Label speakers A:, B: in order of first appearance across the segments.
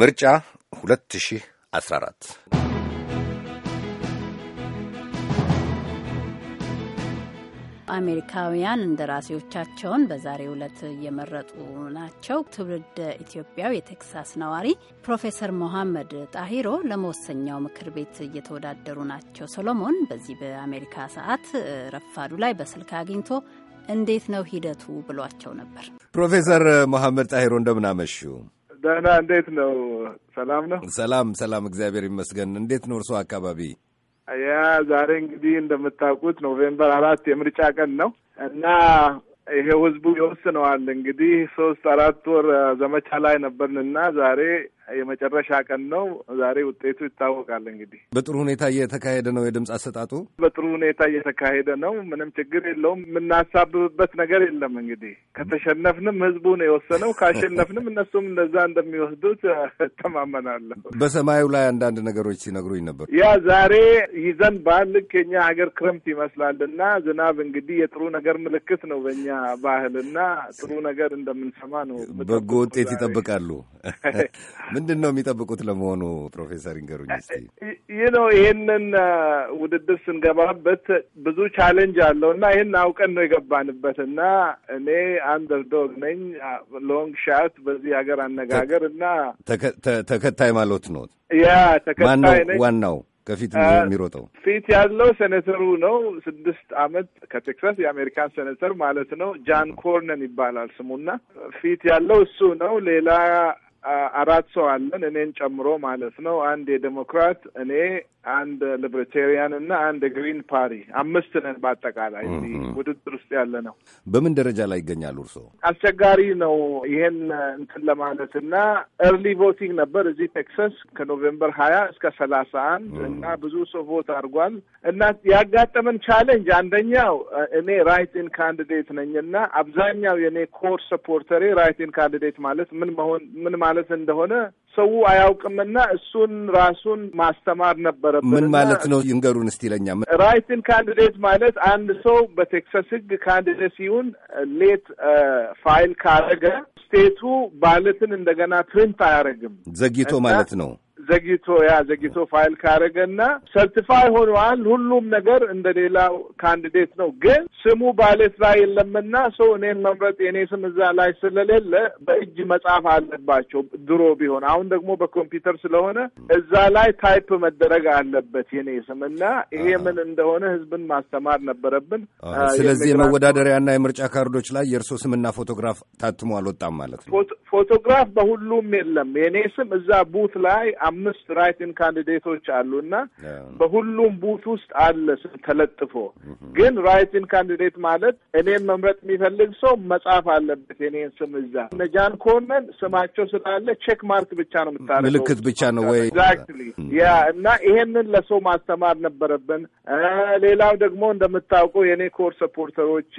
A: ምርጫ 2014 አሜሪካውያን እንደራሴዎቻቸውን በዛሬው ዕለት እየመረጡ ናቸው። ትውልድ ኢትዮጵያው የቴክሳስ ነዋሪ ፕሮፌሰር ሞሐመድ ጣሂሮ ለመወሰኛው ምክር ቤት እየተወዳደሩ ናቸው። ሰሎሞን በዚህ በአሜሪካ ሰዓት ረፋዱ ላይ በስልክ አግኝቶ እንዴት ነው ሂደቱ ብሏቸው ነበር። ፕሮፌሰር መሐመድ ጣሂሮ እንደምናመሹ ደህና። እንዴት ነው? ሰላም ነው? ሰላም ሰላም፣ እግዚአብሔር ይመስገን። እንዴት ነው እርስዎ አካባቢ?
B: ያ ዛሬ እንግዲህ እንደምታውቁት ኖቬምበር አራት የምርጫ ቀን ነው እና ይሄ ህዝቡ ይወስነዋል። እንግዲህ ሶስት አራት ወር ዘመቻ ላይ ነበርንና ዛሬ የመጨረሻ ቀን ነው ዛሬ። ውጤቱ ይታወቃል እንግዲህ።
A: በጥሩ ሁኔታ እየተካሄደ ነው የድምፅ አሰጣጡ።
B: በጥሩ ሁኔታ እየተካሄደ ነው። ምንም ችግር የለውም። የምናሳብብበት ነገር የለም። እንግዲህ ከተሸነፍንም ህዝቡ ነው የወሰነው፣ ካሸነፍንም እነሱም እንደዛ እንደሚወስዱት እተማመናለሁ።
A: በሰማዩ ላይ አንዳንድ ነገሮች ሲነግሩኝ ነበር። ያ
B: ዛሬ ይዘን ባህል ልክ የኛ ሀገር ክረምት ይመስላል እና ዝናብ እንግዲህ የጥሩ ነገር ምልክት ነው በእኛ ባህል እና ጥሩ ነገር እንደምንሰማ ነው።
A: በጎ ውጤት ይጠብቃሉ ምንድን ነው የሚጠብቁት ለመሆኑ ፕሮፌሰር ይንገሩኝ
B: እስኪ። ይህ ነው ይህንን ውድድር ስንገባበት ብዙ ቻሌንጅ አለው እና ይህን አውቀን ነው የገባንበት እና እኔ አንደርዶግ ነኝ ሎንግ ሻት በዚህ ሀገር አነጋገር እና
A: ተከታይ ማለት ነው።
B: ያ ተከታይ ነኝ
A: ዋናው ከፊት የሚሮጠው
B: ፊት ያለው ሴኔተሩ ነው። ስድስት አመት ከቴክሳስ የአሜሪካን ሴኔተር ማለት ነው። ጃን ኮርነን ይባላል ስሙና ፊት ያለው እሱ ነው። ሌላ አራት ሰው አለን እኔን ጨምሮ ማለት ነው። አንድ የዴሞክራት እኔ፣ አንድ ሊብርቴሪያን እና አንድ ግሪን ፓሪ አምስት ነን በአጠቃላይ ውድድር ውስጥ ያለ ነው።
A: በምን ደረጃ ላይ ይገኛሉ እርስዎ?
B: አስቸጋሪ ነው ይሄን እንትን ለማለት እና ኤርሊ ቮቲንግ ነበር እዚህ ቴክሳስ ከኖቬምበር ሀያ እስከ ሰላሳ አንድ እና ብዙ ሰው ቮት አድርጓል እና ያጋጠመን ቻሌንጅ አንደኛው እኔ ራይት ኢን ካንዲዴት ነኝ እና አብዛኛው የእኔ ኮር ሰፖርተሬ ራይት ኢን ካንዲዴት ማለት ምን መሆን ምን ማለት እንደሆነ ሰው አያውቅምና እሱን ራሱን ማስተማር ነበረብን። ምን ማለት ነው
A: ይንገሩን እስቲ ለኛ።
B: ራይትን ካንዲዴት ማለት አንድ ሰው በቴክሳስ ህግ ካንዲዴት ሲሆን ሌት ፋይል ካረገ ስቴቱ ባለትን እንደገና ፕሪንት አያደርግም ዘግይቶ ማለት ነው። ዘግይቶ ያ ዘግይቶ ፋይል ካረገና ሰርቲፋይ ሆኗል ሁሉም ነገር እንደ ሌላው ካንዲዴት ነው፣ ግን ስሙ ባሌት ላይ የለምና ሰው እኔን መምረጥ የእኔ ስም እዛ ላይ ስለሌለ በእጅ መጻፍ አለባቸው። ድሮ ቢሆን አሁን ደግሞ በኮምፒውተር ስለሆነ እዛ ላይ ታይፕ መደረግ አለበት የኔ ስም እና ይሄ ምን እንደሆነ ህዝብን ማስተማር ነበረብን። ስለዚህ
A: የመወዳደሪያና የምርጫ ካርዶች ላይ የእርሶ ስምና ፎቶግራፍ ታትሞ አልወጣም ማለት ነው።
B: ፎቶግራፍ በሁሉም የለም። የእኔ ስም እዛ ቡት ላይ አምስት ራይትን ካንዲዴቶች አሉ እና በሁሉም ቡት ውስጥ አለ ስም ተለጥፎ። ግን ራይትን ካንዲዴት ማለት እኔን መምረጥ የሚፈልግ ሰው መጻፍ አለበት የኔን ስም እዛ። እነ ጃን ኮመን ስማቸው ስላለ ቼክ ማርክ ብቻ ነው የምታደርገው፣ ምልክት ብቻ ነው ወይ ኤግዛክትሊ ያ። እና ይሄንን ለሰው ማስተማር ነበረብን። ሌላው ደግሞ እንደምታውቀው የእኔ ኮር ሰፖርተሮቼ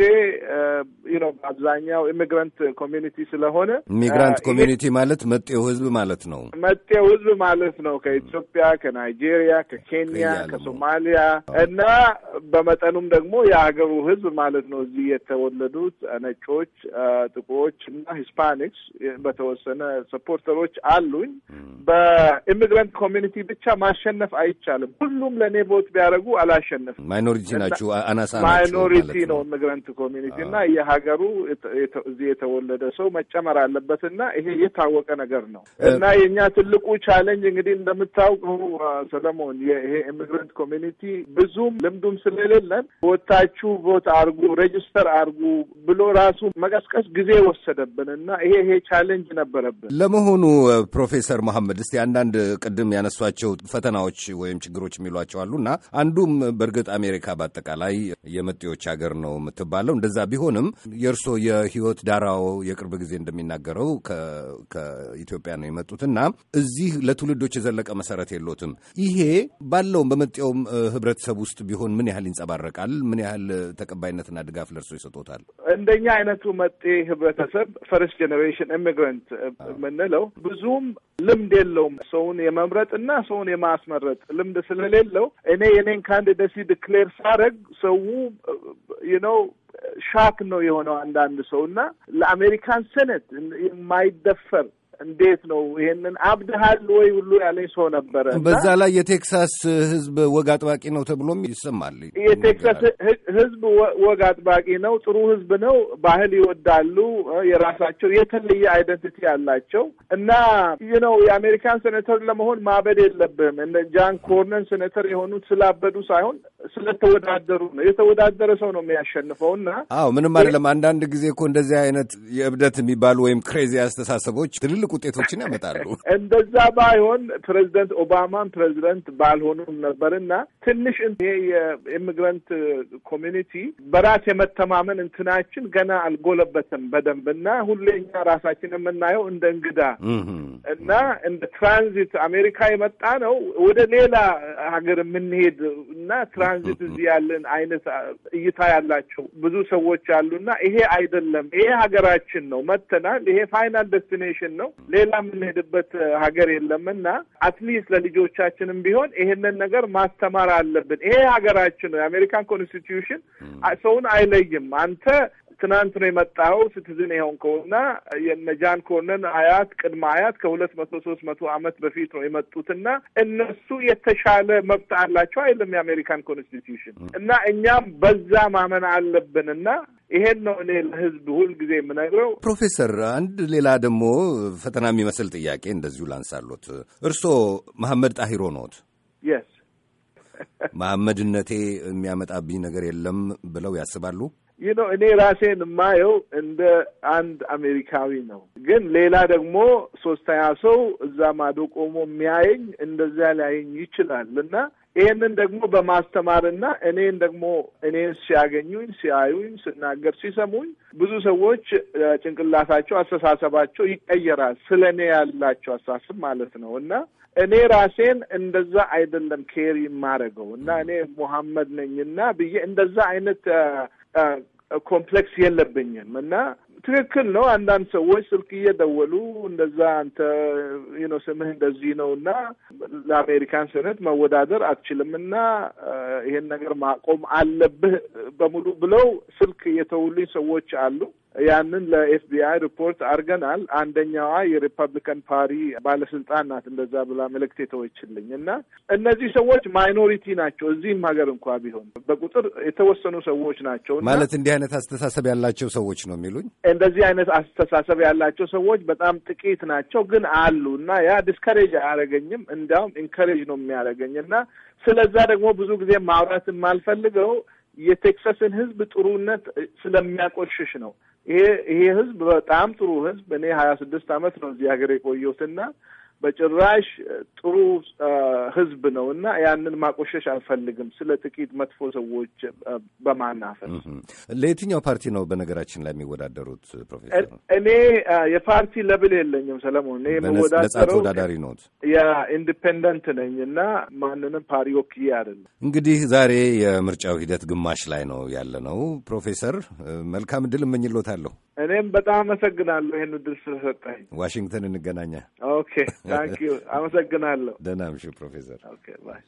B: ነው በአብዛኛው ኢሚግራንት ኮሚኒቲ ስለሆነ ኢሚግራንት ኮሚኒቲ
A: ማለት መጤው ህዝብ ማለት ነው።
B: መጤው ህዝብ ማለት ነው። ከኢትዮጵያ፣ ከናይጄሪያ፣ ከኬንያ፣ ከሶማሊያ እና በመጠኑም ደግሞ የሀገሩ ህዝብ ማለት ነው። እዚህ የተወለዱት ነጮች፣ ጥቁሮች እና ሂስፓኒክስ በተወሰነ ሰፖርተሮች አሉኝ። በኢሚግራንት ኮሚኒቲ ብቻ ማሸነፍ አይቻልም። ሁሉም ለእኔ ቦት ቢያደርጉ አላሸነፍም።
A: ማይኖሪቲ ናችሁ፣ አናሳ ማይኖሪቲ
B: ነው ኢሚግራንት ኮሚኒቲ እና የሀገሩ እዚህ የተወለደ ሰው መጨመር አለበት እና ይሄ የታወቀ ነገር ነው እና የእኛ ትልቁ ቻለንጅ እንግዲህ እንደምታውቀው ሰለሞን ይሄ ኢሚግራንት ኮሚኒቲ ብዙም ልምዱም ስለሌለን ቦታችሁ ቮት አርጉ፣ ሬጅስተር አርጉ ብሎ ራሱ መቀስቀስ ጊዜ ወሰደብን እና ይሄ ይሄ ቻለንጅ ነበረብን።
A: ለመሆኑ ፕሮፌሰር መሐመድ እስቲ አንዳንድ ቅድም ያነሷቸው ፈተናዎች ወይም ችግሮች የሚሏቸው አሉ እና አንዱም በእርግጥ አሜሪካ በአጠቃላይ የመጤዎች ሀገር ነው የምትባለው። እንደዛ ቢሆንም የእርሶ የህይወት ዳራው የቅርብ ጊዜ እንደሚናገረው ከኢትዮጵያ ነው የመጡትና እዚህ ለትውልዶች የዘለቀ መሰረት የሎትም። ይሄ ባለውም በመጤውም ህብረተሰብ ውስጥ ቢሆን ምን ያህል ይንጸባረቃል? ምን ያህል ተቀባይነትና ድጋፍ ለእርሶ ይሰጦታል?
B: እንደኛ አይነቱ መጤ ህብረተሰብ ፈርስት ጄኔሬሽን ኢሚግራንት የምንለው ብዙም ልምድ የለውም ሰውን የመምረጥ እና ሰውን የማስመረጥ ልምድ ስለሌለው እኔ የኔን ካንዲደሲ ዲክሌር ሳረግ ሰው ነው ሻክ ነው የሆነው አንዳንድ ሰው እና ለአሜሪካን ሴኔት የማይደፈር እንዴት ነው ይሄንን አብድሃል ወይ ሁሉ ያለኝ ሰው ነበረ። በዛ
A: ላይ የቴክሳስ ህዝብ ወግ አጥባቂ ነው ተብሎም ይሰማል። የቴክሳስ
B: ህዝብ ወግ አጥባቂ ነው፣ ጥሩ ህዝብ ነው። ባህል ይወዳሉ። የራሳቸው የተለየ አይደንቲቲ አላቸው እና ይህ ነው የአሜሪካን ሴኔተር ለመሆን ማበድ የለብህም። እንደ ጃን ኮርነን ሴኔተር የሆኑት ስላበዱ ሳይሆን ስለተወዳደሩ ነው። የተወዳደረ ሰው ነው የሚያሸንፈው እና
A: አዎ ምንም አይደለም። አንዳንድ ጊዜ እኮ እንደዚህ አይነት የእብደት የሚባሉ ወይም ክሬዚ አስተሳሰቦች ትልል ትልልቅ ውጤቶችን ያመጣሉ።
B: እንደዛ ባይሆን ፕሬዚደንት ኦባማን ፕሬዚደንት ባልሆኑም ነበር እና ትንሽ ይሄ የኢሚግራንት ኮሚኒቲ በራስ የመተማመን እንትናችን ገና አልጎለበትም በደንብ እና ሁሌ እኛ ራሳችን የምናየው እንደ እንግዳ እና እንደ ትራንዚት አሜሪካ የመጣ ነው ወደ ሌላ ሀገር የምንሄድ እና ትራንዚት እዚህ ያለን አይነት እይታ ያላቸው ብዙ ሰዎች አሉና ይሄ አይደለም፣ ይሄ ሀገራችን ነው መተናል። ይሄ ፋይናል ዴስቲኔሽን ነው። ሌላ የምንሄድበት ሀገር የለምና አትሊስት ለልጆቻችንም ቢሆን ይሄንን ነገር ማስተማር አለብን። ይሄ ሀገራችን ነው። የአሜሪካን ኮንስቲትዩሽን hmm. ሰውን አይለይም። አንተ ትናንት ነው የመጣኸው ሲቲዝን የሆን ከሆና የነጃን ኮነን አያት ቅድመ አያት ከሁለት መቶ ሶስት መቶ ዓመት በፊት ነው የመጡትና እነሱ የተሻለ መብት አላቸው አይልም የአሜሪካን ኮንስቲትዩሽን hmm. እና እኛም በዛ ማመን አለብንና ይሄን ነው እኔ ለህዝብ ሁልጊዜ የምነግረው።
A: ፕሮፌሰር፣ አንድ ሌላ ደግሞ ፈተና የሚመስል ጥያቄ እንደዚሁ ላንሳሎት። እርስዎ መሐመድ ጣሂሮ ኖት? የስ መሐመድነቴ የሚያመጣብኝ ነገር የለም ብለው ያስባሉ?
B: ይህ ነው እኔ ራሴን የማየው እንደ አንድ አሜሪካዊ ነው። ግን ሌላ ደግሞ ሶስተኛ ሰው እዛ ማዶ ቆሞ የሚያየኝ እንደዚያ ሊያየኝ ይችላል እና ይህንን ደግሞ በማስተማርና እኔን ደግሞ እኔን ሲያገኙኝ ሲያዩኝ ስናገር ሲሰሙኝ ብዙ ሰዎች ጭንቅላታቸው አስተሳሰባቸው ይቀየራል። ስለ እኔ ያላቸው አስተሳሰብ ማለት ነው እና እኔ ራሴን እንደዛ አይደለም ኬሪ የማደርገው እና እኔ ሙሐመድ ነኝና ብዬ እንደዛ አይነት ኮምፕሌክስ የለብኝም እና ትክክል ነው። አንዳንድ ሰዎች ስልክ እየደወሉ እንደዛ አንተ ዩኖ ስምህ እንደዚህ ነው እና ለአሜሪካን ሴኔት መወዳደር አትችልም እና ይሄን ነገር ማቆም አለብህ በሙሉ ብለው ስልክ የተውሉኝ ሰዎች አሉ። ያንን ለኤፍቢአይ ሪፖርት አድርገናል። አንደኛዋ የሪፐብሊካን ፓሪ ባለስልጣን ናት እንደዛ ብላ መልእክት የተወችልኝ እና እነዚህ ሰዎች ማይኖሪቲ ናቸው። እዚህም ሀገር እንኳ ቢሆን በቁጥር የተወሰኑ ሰዎች ናቸው። ማለት
A: እንዲህ አይነት አስተሳሰብ ያላቸው ሰዎች ነው የሚሉኝ።
B: እንደዚህ አይነት አስተሳሰብ ያላቸው ሰዎች በጣም ጥቂት ናቸው፣ ግን አሉ እና ያ ዲስከሬጅ አያደርገኝም፣ እንዲያውም ኢንከሬጅ ነው የሚያደርገኝ እና ስለዛ ደግሞ ብዙ ጊዜ ማውራት የማልፈልገው የቴክሳስን ህዝብ ጥሩነት ስለሚያቆሽሽ ነው። ይሄ ይሄ ህዝብ በጣም ጥሩ ህዝብ እኔ ሀያ ስድስት አመት ነው እዚህ ሀገር የቆየሁትና በጭራሽ ጥሩ ህዝብ ነው እና ያንን ማቆሸሽ አልፈልግም፣ ስለ ጥቂት መጥፎ ሰዎች በማናፈር።
A: ለየትኛው ፓርቲ ነው በነገራችን ላይ የሚወዳደሩት ፕሮፌሰር?
B: እኔ የፓርቲ ለብል የለኝም ሰለሞን። እኔ የምወዳደረው
A: ተወዳዳሪ ነት
B: የኢንዲፔንደንት ነኝ እና ማንንም ፓሪ ወክዬ አይደለም።
A: እንግዲህ ዛሬ የምርጫው ሂደት ግማሽ ላይ ነው ያለ ነው። ፕሮፌሰር መልካም እድል እመኝሎታለሁ።
B: እኔም በጣም አመሰግናለሁ ይህን ዕድል ስለሰጠኝ።
A: ዋሽንግተን እንገናኛ።
B: ኦኬ ታንኪዩ፣ አመሰግናለሁ። ደህና እምሹ ፕሮፌሰር። ኦኬ ባይ